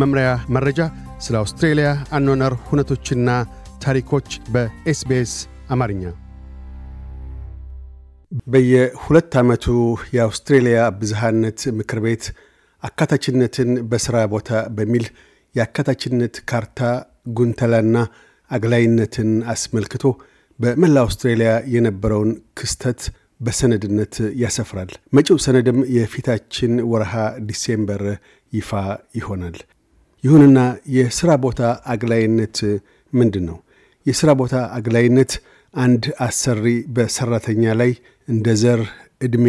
መምሪያ መረጃ ስለ አውስትሬልያ አኗነር ሁነቶችና ታሪኮች በኤስቤስ አማርኛ በየሁለት ዓመቱ የአውስትሬልያ ብዝሃነት ምክር ቤት አካታችነትን በሥራ ቦታ በሚል የአካታችነት ካርታ ጉንተላና አግላይነትን አስመልክቶ በመላ አውስትሬልያ የነበረውን ክስተት በሰነድነት ያሰፍራል። መጪው ሰነድም የፊታችን ወረሃ ዲሴምበር ይፋ ይሆናል። ይሁንና የሥራ ቦታ አግላይነት ምንድን ነው? የሥራ ቦታ አግላይነት አንድ አሰሪ በሰራተኛ ላይ እንደ ዘር፣ ዕድሜ፣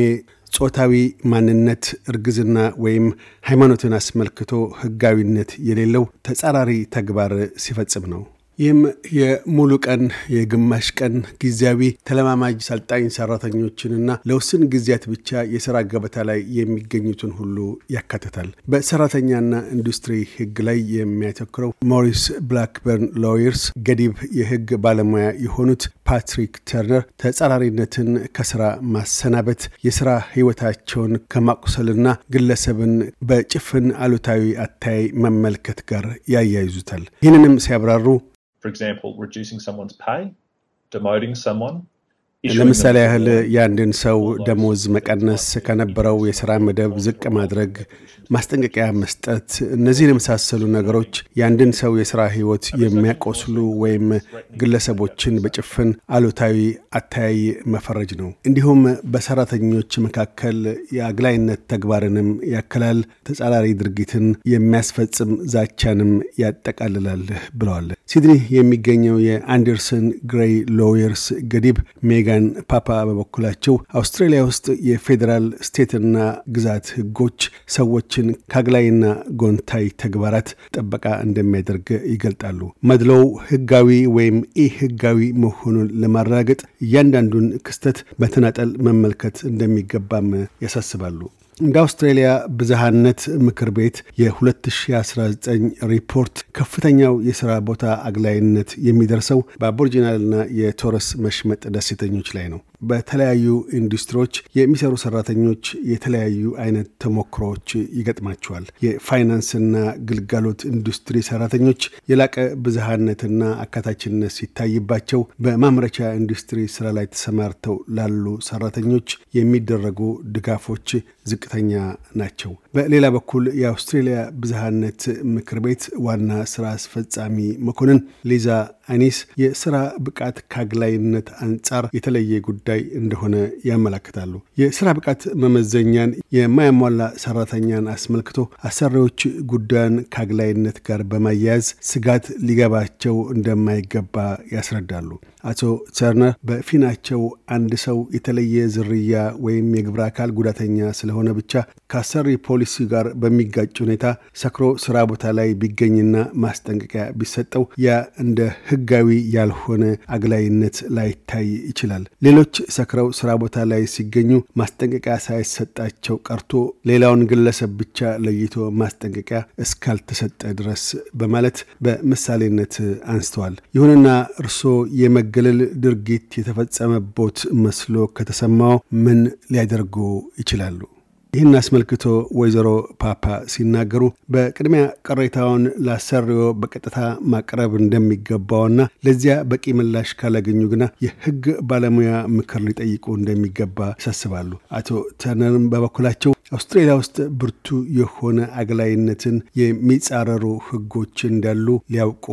ጾታዊ ማንነት፣ እርግዝና ወይም ሃይማኖትን አስመልክቶ ሕጋዊነት የሌለው ተጻራሪ ተግባር ሲፈጽም ነው። ይህም የሙሉ ቀን የግማሽ ቀን ጊዜያዊ ተለማማጅ ሰልጣኝ ሰራተኞችንና ለውስን ጊዜያት ብቻ የስራ ገበታ ላይ የሚገኙትን ሁሉ ያካትታል። በሰራተኛና ኢንዱስትሪ ህግ ላይ የሚያተኩረው ሞሪስ ብላክበርን ሎየርስ ገዲብ የህግ ባለሙያ የሆኑት ፓትሪክ ተርነር ተጻራሪነትን ከስራ ማሰናበት የስራ ህይወታቸውን ከማቁሰልና ግለሰብን በጭፍን አሉታዊ አታይ መመልከት ጋር ያያይዙታል። ይህንንም ሲያብራሩ for example, reducing someone's pay, demoting someone, ለምሳሌ ያህል የአንድን ሰው ደሞዝ መቀነስ፣ ከነበረው የስራ መደብ ዝቅ ማድረግ፣ ማስጠንቀቂያ መስጠት፣ እነዚህን የመሳሰሉ ነገሮች የአንድን ሰው የስራ ህይወት የሚያቆስሉ ወይም ግለሰቦችን በጭፍን አሉታዊ አተያይ መፈረጅ ነው። እንዲሁም በሰራተኞች መካከል የአግላይነት ተግባርንም ያክላል፣ ተጻራሪ ድርጊትን የሚያስፈጽም ዛቻንም ያጠቃልላል ብለዋል። ሲድኒ የሚገኘው የአንደርሰን ግሬይ ሎየርስ ገዲብ ሜጋ ሞርጋን ፓፓ በበኩላቸው አውስትራሊያ ውስጥ የፌዴራል ስቴትና ግዛት ህጎች ሰዎችን ካግላይና ጎንታይ ተግባራት ጥበቃ እንደሚያደርግ ይገልጣሉ። መድሎው ህጋዊ ወይም ኢ ህጋዊ መሆኑን ለማረጋገጥ እያንዳንዱን ክስተት በተናጠል መመልከት እንደሚገባም ያሳስባሉ። እንደ አውስትራሊያ ብዝሃነት ምክር ቤት የ2019 ሪፖርት ከፍተኛው የሥራ ቦታ አግላይነት የሚደርሰው በአቦርጂናልና የቶረስ መሽመጥ ደሴተኞች ላይ ነው። በተለያዩ ኢንዱስትሪዎች የሚሰሩ ሰራተኞች የተለያዩ አይነት ተሞክሮዎች ይገጥማቸዋል። የፋይናንስና ግልጋሎት ኢንዱስትሪ ሰራተኞች የላቀ ብዝሃነትና አካታችነት ሲታይባቸው፣ በማምረቻ ኢንዱስትሪ ስራ ላይ ተሰማርተው ላሉ ሰራተኞች የሚደረጉ ድጋፎች ዝቅተኛ ናቸው። በሌላ በኩል የአውስትሬሊያ ብዝሃነት ምክር ቤት ዋና ስራ አስፈጻሚ መኮንን ሊዛ አይኒስ የስራ ብቃት ካግላይነት አንጻር የተለየ ጉዳይ እንደሆነ ያመላክታሉ። የስራ ብቃት መመዘኛን የማያሟላ ሰራተኛን አስመልክቶ አሰሪዎች ጉዳዩን ካግላይነት ጋር በማያያዝ ስጋት ሊገባቸው እንደማይገባ ያስረዳሉ። አቶ ተርነር በፊናቸው አንድ ሰው የተለየ ዝርያ ወይም የግብረ አካል ጉዳተኛ ስለሆነ ብቻ ከአሰሪ ፖሊሲ ጋር በሚጋጭ ሁኔታ ሰክሮ ስራ ቦታ ላይ ቢገኝና ማስጠንቀቂያ ቢሰጠው ያ እንደ ህጋዊ ያልሆነ አግላይነት ላይታይ ይችላል። ሌሎች ሰክረው ስራ ቦታ ላይ ሲገኙ ማስጠንቀቂያ ሳይሰጣቸው ቀርቶ ሌላውን ግለሰብ ብቻ ለይቶ ማስጠንቀቂያ እስካልተሰጠ ድረስ በማለት በምሳሌነት አንስተዋል። ይሁንና እርስዎ የመገለል ድርጊት የተፈጸመቦት መስሎ ከተሰማው ምን ሊያደርጉ ይችላሉ? ይህን አስመልክቶ ወይዘሮ ፓፓ ሲናገሩ በቅድሚያ ቅሬታውን ላሰሪዎ በቀጥታ ማቅረብ እንደሚገባውና ለዚያ በቂ ምላሽ ካላገኙ ግና የህግ ባለሙያ ምክር ሊጠይቁ እንደሚገባ ይሳስባሉ አቶ ተነርም በበኩላቸው አውስትሬሊያ ውስጥ ብርቱ የሆነ አግላይነትን የሚጻረሩ ህጎች እንዳሉ ሊያውቁ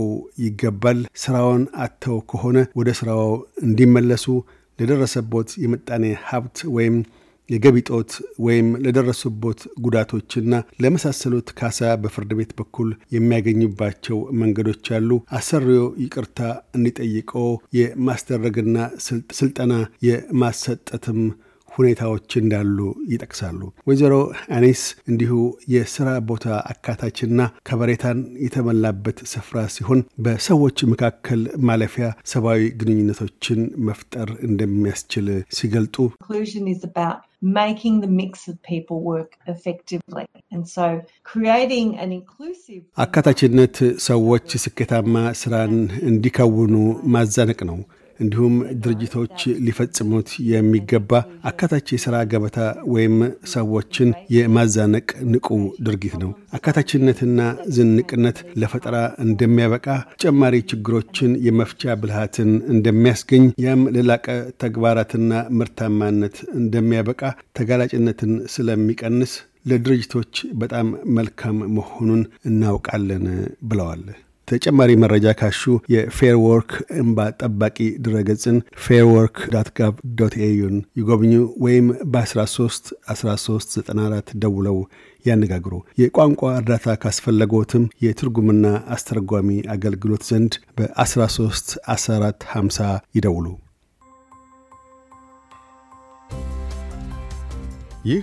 ይገባል። ስራውን አተው ከሆነ ወደ ስራው እንዲመለሱ ለደረሰቦት የመጣኔ ሀብት ወይም የገቢ ጦት ወይም ለደረሱቦት ጉዳቶችና ለመሳሰሉት ካሳ በፍርድ ቤት በኩል የሚያገኙባቸው መንገዶች አሉ። አሰሪዮ ይቅርታ እንዲጠይቀው የማስደረግና ስልጠና የማሰጠትም ሁኔታዎች እንዳሉ ይጠቅሳሉ። ወይዘሮ አኔስ እንዲሁ የስራ ቦታ አካታችና ከበሬታን የተሞላበት ስፍራ ሲሆን በሰዎች መካከል ማለፊያ ሰብአዊ ግንኙነቶችን መፍጠር እንደሚያስችል ሲገልጡ አካታችነት ሰዎች ስኬታማ ስራን እንዲከውኑ ማዛነቅ ነው። እንዲሁም ድርጅቶች ሊፈጽሙት የሚገባ አካታች የሥራ ገበታ ወይም ሰዎችን የማዛነቅ ንቁ ድርጊት ነው። አካታችነትና ዝንቅነት ለፈጠራ እንደሚያበቃ፣ ተጨማሪ ችግሮችን የመፍቻ ብልሃትን እንደሚያስገኝ፣ ያም ለላቀ ተግባራትና ምርታማነት እንደሚያበቃ፣ ተጋላጭነትን ስለሚቀንስ ለድርጅቶች በጣም መልካም መሆኑን እናውቃለን ብለዋል። ተጨማሪ መረጃ ካሹ የፌር ወርክ እንባ ጠባቂ ድረገጽን ፌርወርክ ዳት ጋቭ ዶት ኤዩን ይጎብኙ ወይም በ13 1394 ደውለው ያነጋግሩ። የቋንቋ እርዳታ ካስፈለገዎትም የትርጉምና አስተረጓሚ አገልግሎት ዘንድ በ13 50 ይደውሉ። ይህ